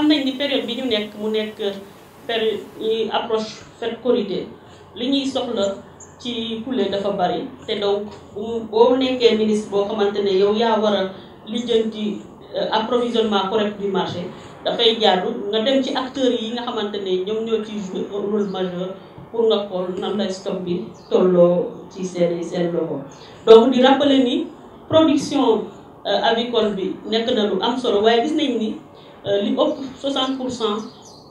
xam nañ ni période bi ñu nekk mu nekk période ñuy approche fête korité li ñuy soxla ci poulet dafa bari te donc bu boo nekkee ministre boo xamante ne yow yaa war a lijjanti euh, approvisionnement correct du marché dafay jaadu nga dem ci acteurs yi nga xamante ne ñoom ñoo ciy jouer rôle majeur pour nga xool nan lay stock bi tolloo ci seen seen loxo donc di rappeler ni production euh, avicole bi nekk na lu am solo waaye gis nañ ni Euh, li ëpp 60 pour cent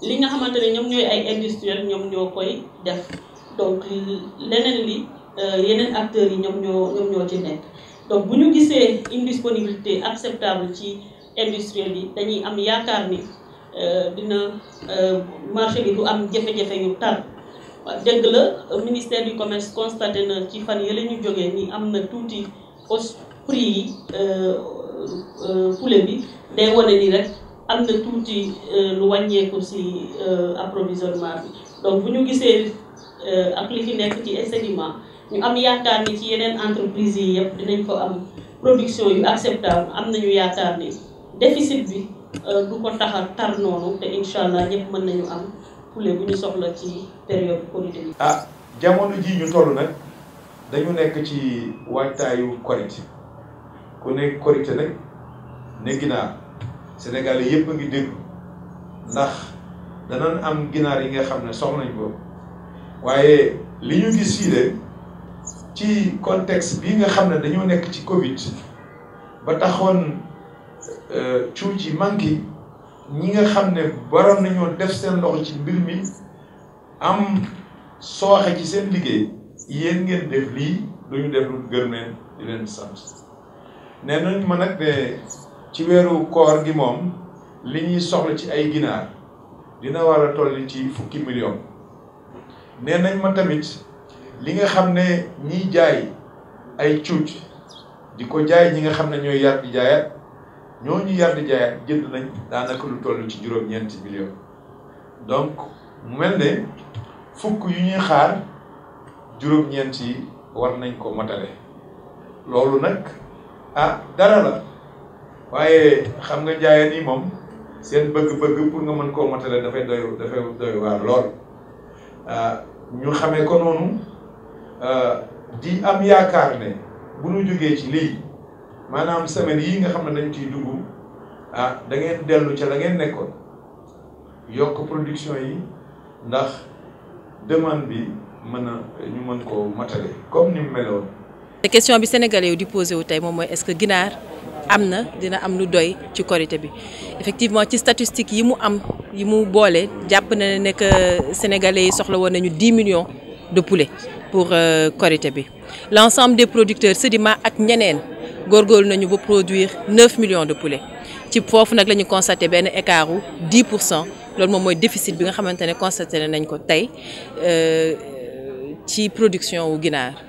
li nga xamante ne ñoom ñooy ay industriel ñoom ñoo koy def donc leneen li euh, yeneen acteurs yi ñoom ñoo ñoo ci nekk donc bu ñu gisee indisponibilité acceptable ci industriel yi dañuy am yaakaar ni euh, dina marché bi du am jafe-jafe yu tar dégg la ministère du commerce constaté na ci fan yële ñu jógee ni am na tuuti hausse prix yi poulet bi day wane ni rek am na tuuti euh, lu wàññeeku si euh, approvisionnement bi donc bu ñu gisee euh, ak li fi nekk ci sédiment ñu am yaakaar ni ci yeneen entreprise yi yëpp dinañ ko am production yu acceptable am na ñu yaakaar ni déficit bi du ko tax a tar noonu te incha allah ñëpp mën nañu am poulet bu ñu soxla ci période korité bi ah jamono ji ñu toll nag dañu nekk ci waajtaayu korité ku nekk korité nag ne ginaar Sénégal yi yëpp a ngi dégg ndax danañ am ginaar yi nga xam ne soxla nañ ko waaye li ñu gis yii de ci contexte bii nga xam ne dañoo nekk ci Covid ba taxoon euh, cuuc ci manqué ñi nga xam ne waroon nañoo def seen loxo ci mbir mi am sooxe ci seen liggéey yéen ngeen def lii lu ñu def lu gërëm leen di leen sant nee nañ ma nag ne. ci weeru koor gi moom li ñuy soxla ci ay ginaar dina war a toll ci fukki million nee nañ ma tamit li nga xam ne ñi jaay ay cuuj di ko jaay ñi nga xam ne ñooy yar jaayaat ñoo ñu yar di jaayaat jënd nañ daanaka lu toll ci juróom-ñeenti million donc mu mel ne fukk yu ñuy xaar juróom-ñeent yi war nañ ko matale loolu nag ah dara la waaye xam nga jaayeen yi moom seen bëgg-bëgg pour nga mën koo matale dafay doy dafay doy waar lool ah, ñu xamee ko noonu ah, di am yaakaar ne bu ñu jógee ci lii maanaam semaine yi nga xam ne dañ ciy dugg ah da ngeen dellu ca la ngeen nekkoon yokk production yi ndax demande bi mën a ñu mën koo matale comme ni mu meloon. question bi sénégalais di posé wu tey moom mooy est-ce que ginaar. amna dina am lu doy ci korité bi effectivement ci statistique yi mu am yi mu bolé sénégalais yi soxla 10 millions de poulets pour euh, korité bi l'ensemble des producteurs Sedima ak ñenen gorgol nañu bu produire 9 millions de poulets. ci fofu nak lañu constater constaté écartu écart 10 C'est mom moy déficit bi nga nañ ko euh, ci production wu Guinard.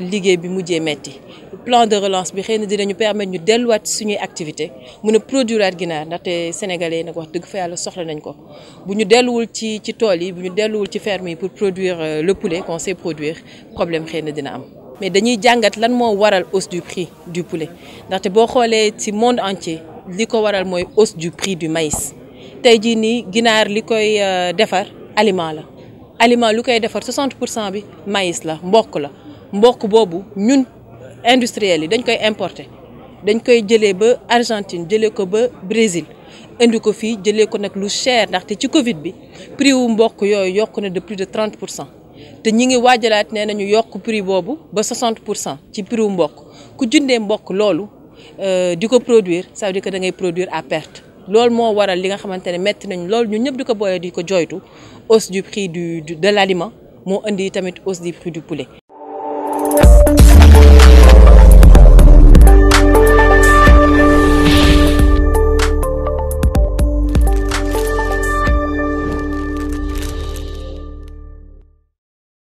liggéey bi mujjé metti plan de relance bi xëy na dinañu permettre ñu delluwaat suñu activité mun a produire at ginaar ndaxte sénégalais nak wax dëgg fa yalla soxla nañ ko bu ñu delluwul ci ci tool yi bu ñu delluwul ci ferme yi pour produire euh, le poulet qu'on sait produire problème xëy dina am mais dañuy jàngat lan moo waral hausse du prix du poulet ndaxte boo xoolee ci monde entier li ko waral mooy hausse du prix du maïs tey jii nii ginaar li koy euh, defar aliment la aliment lu koy defar 60 bi maïs la mboq la mboq bobu ñun industriels yi dañ koy importer dañ koy jëlé ba Argentine jëlé ko ba Brésil indi ko fii jëlee ko nak lu cher ndax ci Covid bi prix wu mboq yoy yok na de plus de 30 té ñi ngi waajalaat né nañu yok prix bobu ba 60 ci prix wu mboq ku jundé mboq lolu euh diko produire ça veut dire que da ngay produire à perte. lool mo waral li nga xamante ne métti nañu loolu ñun ñëpp diko ko diko joytu hausse du prix du de l'aliment mo indi tamit hausse du prix du poulet.